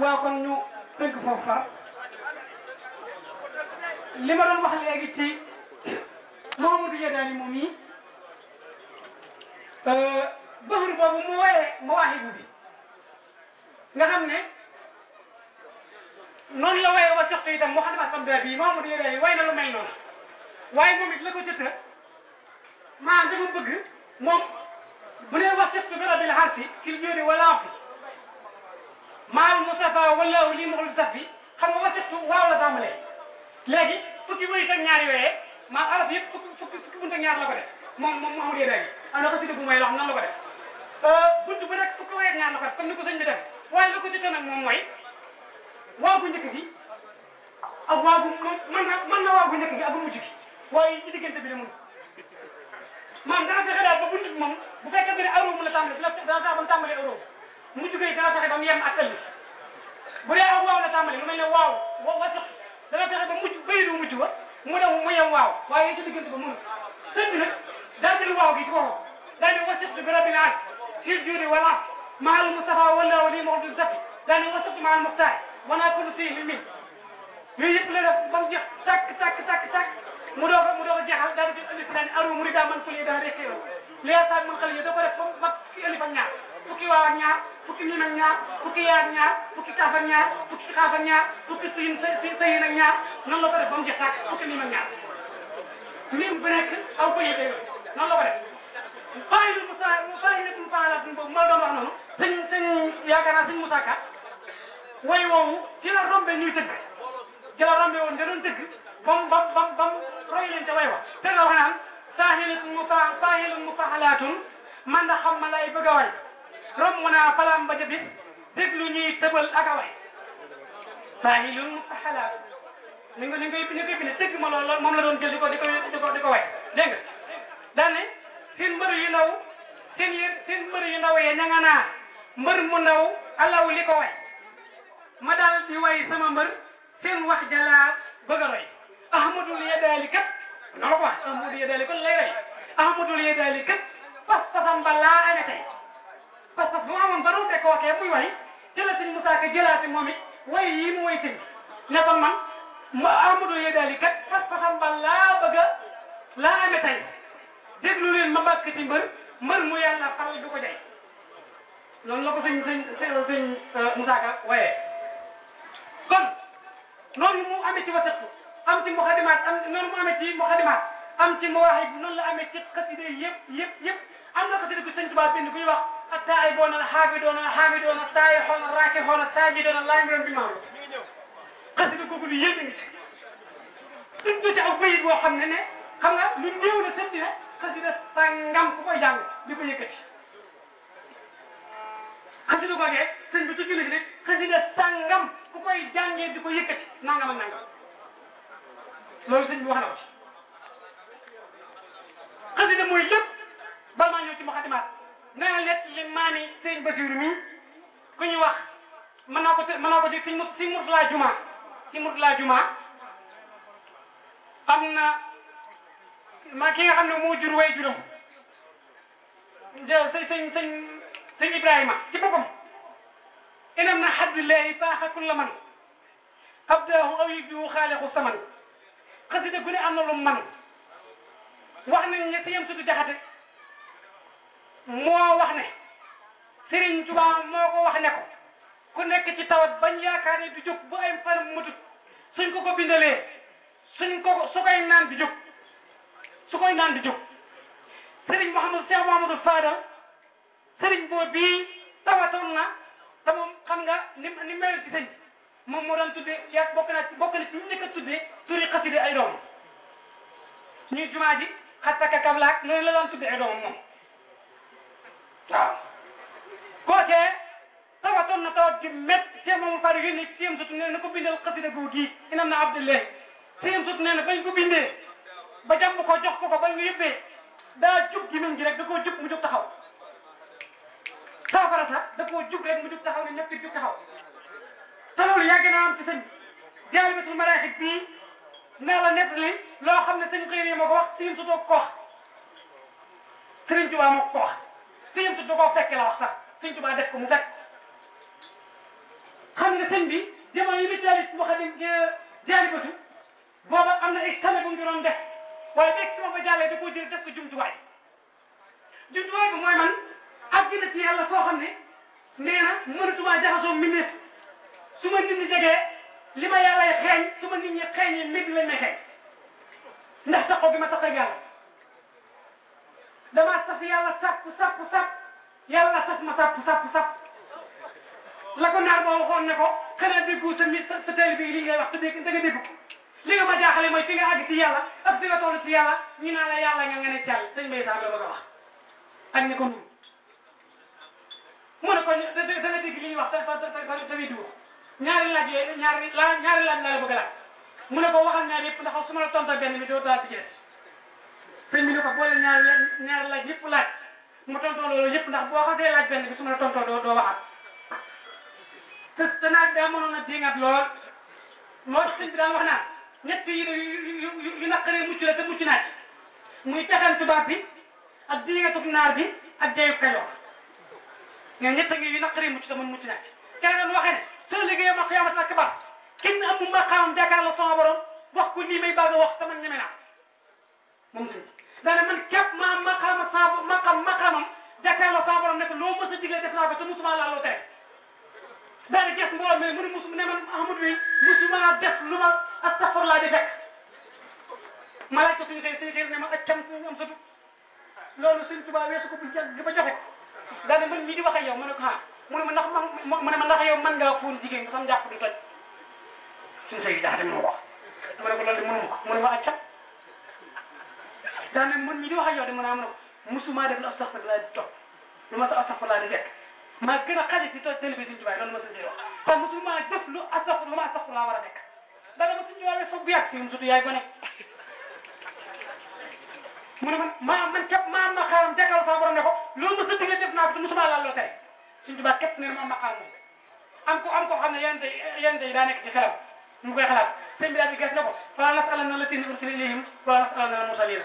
waaw kon ñu tënk foofu far li ma doon wax léegi ci Mouhamadou Yadani moom yi euh, bëxër boobu mu wooyee mu waaxibu bi nga xam ne noonu la wooyee wa soq itam moo xam ne askan bi Mouhamadou Yadani way na lu mel noonu waaye moom it la ko jëta maanaam dafa bëgg moom bu nee wa soq bi rabil arsi sil jëri wala fi maal Mustafa wallaahu lii maxul saf bi xam nga wasatu waaw la tàmbalee léegi fukki wëy ak ñaar yooyee ma arab yëpp fukki fukki fukki bunt ak ñaar la ko def moom moom Mouhamadou Yedda gi am na ko si dugg mooy loxo nan la ko def euh, bunt bu nekk fukki wëy ak ñaar la ko ni ko sëñ bi def waaye la ko jotee nag moom mooy waaw bu njëkk gi ak waaw bu mën na mën na waaw bu njëkk gi ak bu mujj gi waaye ci diggante bi la mun maam dana fexe daal ba bunt bu fekkee ne aróom la tàmbalee dana mujj gay dana fexe ba yem ak bu dee ak la tàmbali lu mel ne wa wasiq dana fexe ba mujj bayidu mujj ba mu dem mu yem waaw waaye ci diggante ba mënul sëñ bi nag daa jël gi ci boppam daa ne wasiq bi rabbil aas sil juudi wala wali mawdu zafi wasiq kullu min min la def mu mu di jël ëllëg aru mu man fële daa rekkee li yaa saag mën yi da ko def ba mu mat ki ñaar fukki waaw ak ñaar fukki nun ak ñaar fukki yaa ak ñaar fukki kaaf ak ñaar fukki xaaf ak ñaar fukki sayin sayin ak ñaar noonu la ko def ba mu jeex tàkk fukki nim ak ñaar lim bu nekk aw bëyee day noonu la ko def bàyyi lu Moussa bàyyi nekkul faala boobu moo doon wax noonu sëñ sëñ yaakaar naa sëñ Moussa Ka way woowu ci la rombe ñuy tëgg ci la rombe woon nga doon tëgg bam bam bam bam roy leen ca way wa sëñ la wax naan saahilatun mu fa saahilatun mu faxalaatun man da xam ma lay bëgg a way romb naa falaam ba ca bis déglu ñuy tëbal ak a way maahilun mutahalaa ni nga ni nga ni nga bindee dégg ma lool lool moom la doon jël di ko di ko di ko di ko way dégg nga daan ne seen mbër yu ndaw seen yéen seen mbër yu ndaw yee ña nga naa mbër mu ndaw alaw li ko way ma daal di way sama mbër seen wax jalaa bëgg a roy ahmadul yadaali kat noonu ko wax ahmadul yadaali kon lay roy ahmadul yadaali kat pas pasam ba laa amee tey parce que bu amoon ba doon fekkookee muy way ci mu way ba ci euh, noonu mu amee ci wasatu am ci muxadimaat am noonu mu amee ci muxadimaat am ci mawaahib noonu la amee ci xaside yëpp yëpp am na xaside gu sëñ Tuubaa bind bu ñuy wax التائبون الحامدون الحامدون السائحون الراكعون الساجدون اللايمون بالمعروف xasida googu lu yéeme ngi ci dund ci aw bayit boo xam ne ne xam nga lu néew la sëddi ne xasida sangam ku ko jàng di ko bi sangam ku koy jàngee di ko yëkkati nangam ak nangam wax na ko ci mooy lépp bal maa ñëw ci dana le li maami sëñ Basiru mi ku wax mën naa ko mën naa ko jël sëñ si Murtala Juma si Murtala na ma ki nga xam ne moo jur way juróom sëñ sëñ sëñ Ibrahima ci boppam inam na xabdillahi baaxa kulla man abdahu aw yubdihu xaaliqu saman xasida gu ne am na lu man wax nañ ne sëñam sudu jaxate moo wax ne Serigne Touba moo ko wax ne ko ku nekk ci tawat bañ yaakaar ne du jóg bu ay fan mutut suñ ko ko bindalee suñ ko su koy naan di jóg su koy naan di jóg Serigne Mouhamadou Cheikh Mouhamadou bii tawatoon na te moom xam nga ni ni mel ci sëñ moom moo daan tuddee yaa bokk na bokk na ci ñu njëkk a tuddee turi xaside ay doom ñuy jumaa ji xattaka kablaak noonu la daan tuddee ay doomam moom waaw gootee tawatoon na tawa di métti sëñ moomu far yónni ci sëñ sut nee na ko bindal xasida googi inam na abdullahi sëñ sut nee ku bañ ba jàmb ko jox ko ba bañ ko yëbbee daa jub gi miñ gi da koo jub mu jub taxaw saafara sax da koo jub rek mu jub taxaw ne ñëpp jub taxaw te loolu yàgg naa am ci sëñ jaalibatul maraaxib bii naa la nettali loo xam ne sëñ xëy na ma ko wax sëñ sutoo ko wax sëriñ ko sëñ bi da koo fekke la wax sax sëñ Tuubaa def ko mu fekk xam nga sëñ bi jamono yi bi taalit mu xam ne eh, jaalibatu booba am na examen bu mu doon def waaye ba examen ba jàllee da koo jël def ko jumtuwaay jumtuwaay bi mooy man àgg na ci yàlla foo xam ne nee na mënatumaa jaxasoo mindeef su ma nit ñi jegee li ma yàllay xeeñ su ma nit ñi xeeñee mbir lañ may xeeñ ndax taxaw gi ma tax ak yàlla damaa saf yàlla sàpp sàpp sàpp yàlla saf ma sàpp sàpp sàpp la ko naar boo waxoon ne ko xanaa déggu sa mi sa teel bi li ngay wax te dégg da nga dégg ko li nga ma jaaxale mooy fi nga àgg ci yàlla ak fi nga toll ci yàlla ñu naa la yàlla nga nga ne ci yàlla sëñ Mbaye Sarr la bëgg a wax ak ni ko nun mu ne ko da nga dégg li ñuy wax tamit di ñaari laaj yooyu ñaari la ñaari laaj la la bëgg a laaj mu ne ko waxal ñaar yëpp ndax su ma la tontu benn bi doo daal di jees sëñ bi ne ko boole ñaar ñaar laaj yëpp laaj mu tontoo loolu yëpp ndax boo xasee laaj benn bi su ma la tontoo doo doo waxaat te te naaj daa mënoon a jéngat lool moo sëñ bi daan wax naan ñett yi yu yu naqaree mucc la te mucc naaj muy taxan tubaab bi ak jéngatug naar bi ak jayub kayoor nga ñett ngi yu naqaree mucc te mën mucc naaj kene doon waxee ne soo liggéeyam ak xiyaamat ak bar kenn amul maqaamam jàkkaarloo sama borom wax ko nii may baaga wax te man ñeme naa moom sëñ dana man képp ma am maqaama saabu maqaam maqaamam jàkkaarloo saa borom nekk loo mës a digle def naa ko te musuma laa loo tere daana ges mbooloo mais mënu musu ne man Ahmad wi musuma def lu ma astafurlaa di fekk ma laaj ko suñu tey suñu tey ne ma accam suñu am satu loolu suñ tubaab weesu ko bu jàgg ba joxe daana man mii di wax ak yow ma ne ko ah mu ne ma ndax ma ne ma ndax yow mën ngaa fóon jigéen nga sam jàpp du toj suñu tey jaaxle ma wax ma ne ko loolu mënu ma ko mu ne ma accam daa mel man mii di wax ak yow de mën naa mën a ko musuma def lu astaghfirullah di toog lu ma sa astaghfirullah di fekk maa gën a xaje ci télé bi suñu tubaab loolu ma suñu tubaab kon musuma jëf lu astaghfir lu ma astaghfirullah war a fekk ndax dama suñu tubaab soog bu yàgg si surtout yaay gone mu ne man maa man képp maa am ma xaaram jàkkal saa borom ne ko loolu ma sa digle def naa ko te musuma laal loo tere suñu tubaab képp ne ma am ma xaaram am ko am ko xam ne yente yente yi daa nekk ci xelam mu koy xalaat sëñ bi daal di ges ne ko fala nasalanna la sina ursila ilayhim wala nasalanna al mursalina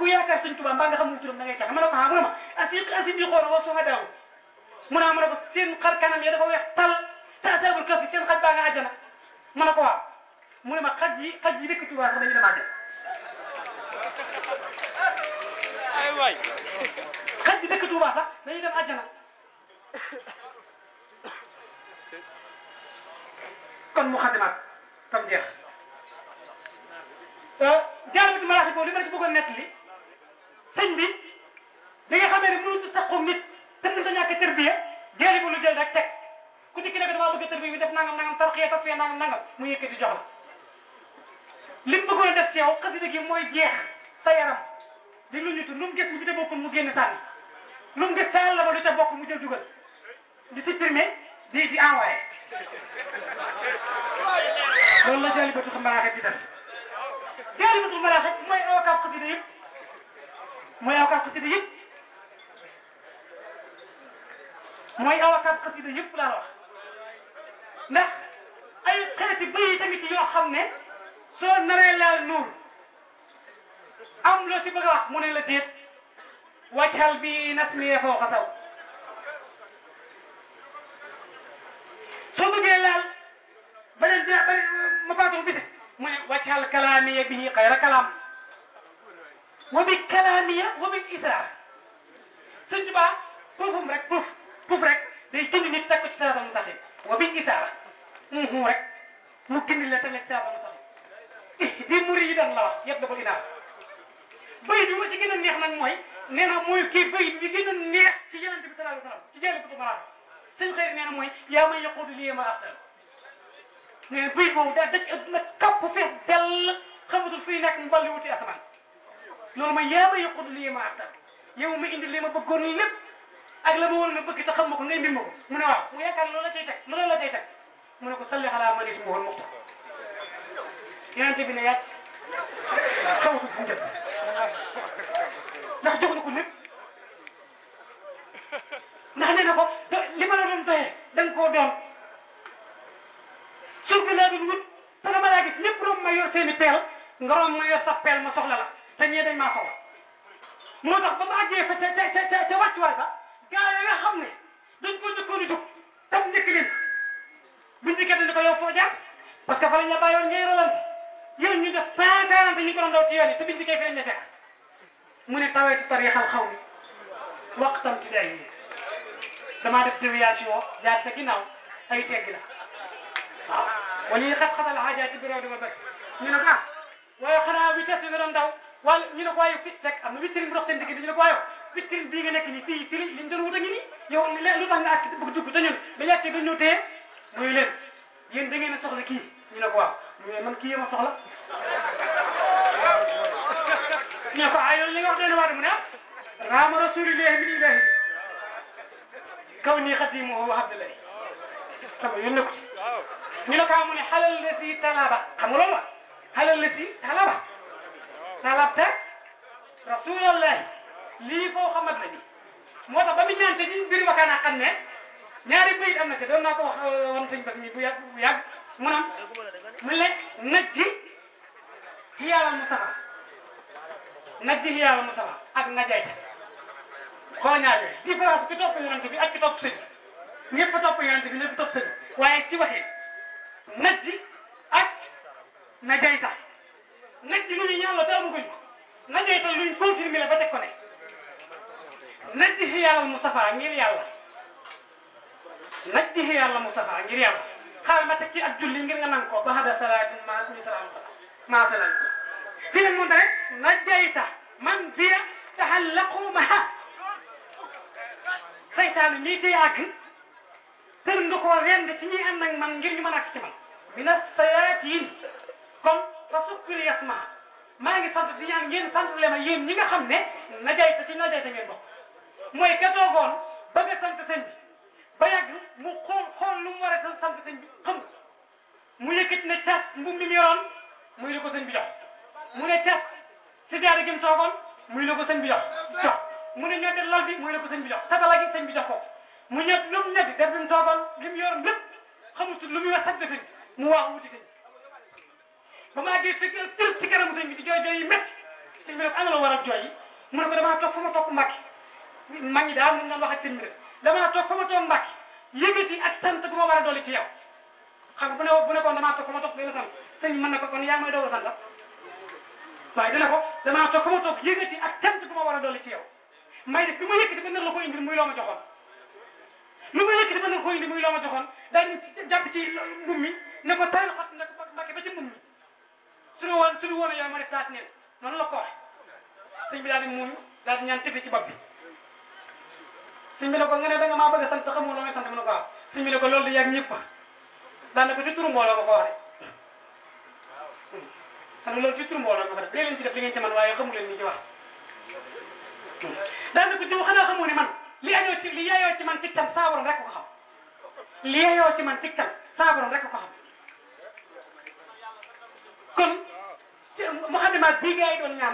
ku yaakaar sëñ Tuubaa mbaa nga xamul turam da ngay tax ma ne ko ah mu ne ma asiq asidi xool wa suhadaaw mu ne ah ma ne ko seen xar kanam ya dafa weex tal te asaabul kahfi seen xaj baa nga àjjana ma ne ko waaw mu ne ma xaj yi xaj yi dëkk Tuubaa sax dañu dem àjjana ay waay xaj yi dëkk Tuubaa sax dañu dem àjjana kon mu xadimaat tam jeex euh, jaarabatu maraaxi boobu li ma la ci bëggoon nekk li sëñ bi li nga xamee ne mënut a taqoog nit te mënut a ñàkk tërbiya jëli ko lu jël rek teg ku dikk ne ko damaa bëgg a tërbiya bi def nangam nangam tarxiya tasfiya nangam nangam mu di jox la lim bëggoon a def ci yow xasida mooy jeex sa yaram di lu ñu tudd lu mu gis lu ca bokkul mu génn sànni lu mu gis sa yàlla ba lu ca mu jël dugal di supprimer di di envoyé loolu la jaalibatu xamaraaxet di def jaalibatu xamaraaxet mooy awakaab xasida yëpp mooy awakaat xasida yëpp mooy awakaat xasida yëpp laa wax ndax ay xeeti bëy tamit ci yoo xam ne soo naree laal nuur am loo ci bëgg a wax mu ne la déet wàccal bi nas mi foo xasaw soo bëggee laal beneen bi ma bisi mu ne wàccal kalaami bi xayra kalaam وبالكلامية وبالإسراف sëñ Tuubaa puufum rek puuf puuf rek day gindi nit teg ko ci siraatal mustaqiim wa bil isaara rek mu gindi la tamit siraatal mustaqiim di muriidan la wax yëpp dafa inaam bay bi ma ci gën a neex nag mooy nee na mooy kii bay bi gën a neex ci yonent bi sallallaahu alayhi wa sallam ci jël ko maraam sëñ xëy nee na mooy yaa may yaquudu lii ma axtal nee na bay boobu daa dëj adduna kapp fees dell xamatul fii nekk mballi wuti asamaan لولو ما ياما يقود لي ما عتر يوم عند اللي ما بقولني لب أغلب أول ما بقي تخمك نعم بمو منا ويا كان لولا تيتك منا لولا تيتك منا كسل على ما ليش مهر مختار يا أنت بنيات كم تفهمك نحجوك نقول لب نحن نقول لما لا ننتهي دنكو دون سوق لا دون ترى ما لاقيس نبرم ما يرسل نبيل نغرم ما يرسل نبيل ما سهل لك تنيا داي ما خو مو تخ بما اجي فتا تا تا تا تا وات واي با غاي يا خمني دنج بو دكو ني دوك تم ديك لين بن ديك دنج كو يو فو جار باسكو فا لا اي تيغلا ولي قد خطا الحاجات بلا دو بس من ويا wala ñu ne ko waaye fi fekk am na vitrine bu dox seen digg bi ñu ne ko waaye vitrine bii nga nekk nii fii fii liñ doon wut a ngi nii yow lu tax nga agsi bëgg dugg te ñun ba ñu agsi dañoo téye muy leen yéen da ngeen a soxla kii ñu ne ko waaw ñu ne man kii yéen a soxla ñu ne ko ah yow li nga wax dana waar mu ne ah raama rasulillahi min ilahi kaw nii xatimu wa abdullahi sama yoon nekku ci ñu ne ko amu ne xalal la si talaba xam nga loolu la xalal la si talaba salaata rasulallahi lii foo xamat na bi moo tax ba mu ñaan te ñun biir wakaana xam ne ñaari bayit am na doon naa ko wax euh, woon sëñ bas bu yàgg bu mu nam mu le najji xiyaalal Mustafa najji xiyaalal Mustafa ak najaayta xoo ñaar yooyu différence bi topp yonent bi ak ki topp sëñ ñëpp topp yonent bi ñëpp topp sëñ waaye ci waxi najji ak najaayta nag ci lu ñu yàlla te amaguñ ko na jooy tey luñ confirmé la ba teg ko ne naj ci xiyaalal Mustafa ngir yàlla naj ci ma teg ci ngir nga nang ko ba hada salaatin ma suñu salaam ma salaam ko fi ne mun rek najjayta man biya taxallaqu maha saytaane mii tey àgg tër ci ñuy ànd man ngir ñu mën a àgg ci man mina sayaatiin kon fa sukkuri yasma maa ngi sant di ñaan ngeen sant ma yéen ñi nga xam ne najayta ci najayta ngeen bokk mooy ka toogoon ba nga sant sëñ bi ba yàgg mu xool lu mu war a sant sëñ bi xam mu yëkkati ne cas mbubb mi mu yoroon ko sëñ bi jox mu ne cas si jaara gi mu toogoon muy la ko sëñ bi jox jox mu ne ñoddi lal bi muy la ko sëñ bi jox satala gi sëñ bi jox ko mu ñett lu mu ñetti der bi toogoon li mu yoroon lépp xamul lu mu waaxu wuti sëñ ba ma àggee fekk tër ci kanam sëñ bi di jooy jooy yi métti sëñ bi nag ana la war a jooy yi mu ne ko damaa toog fa ma toog mag ñi daal mun naan wax ak sëñ bi rek damaa toog fa ma ak sant gu ma war a dolli ci yow xam bu ne bu ne koon damaa toog fa ma toog dina sant sëñ bi mën ngi may doog ko damaa toog fa ma toog yëkkati ak sant gu ma war a dolli ci yow bi ma yëkkati ba nar la ko indil muy loo lu ma yëkkati ba nar la ko indil muy loo ma joxoon daal di jàpp ci mbum mi ne ko taal xot ne ko mbàkki ba ci mbum mi suñu woon suñu mereka yooyu ma def daat neen noonu la ko wax bi di muuñ daal di ñaan tëdd ci bopp bi sëñ bi ne ko nga ne da nga maa bëgg a sant xamoo loo may sant mu ne ko waaw sëñ bi ne ko loolu di yàgg ñëpp daanaka ci turu mbooloo ko ko waxee xam nga loolu ci turu mbooloo ko ko def dee leen ci def li ngeen ci man xamu leen ni ci wax man li ayoo ci li yaayoo ci man ci can saa rek ko xam li ci man ci can saa rek ko xam kon baka naman bigay doon nga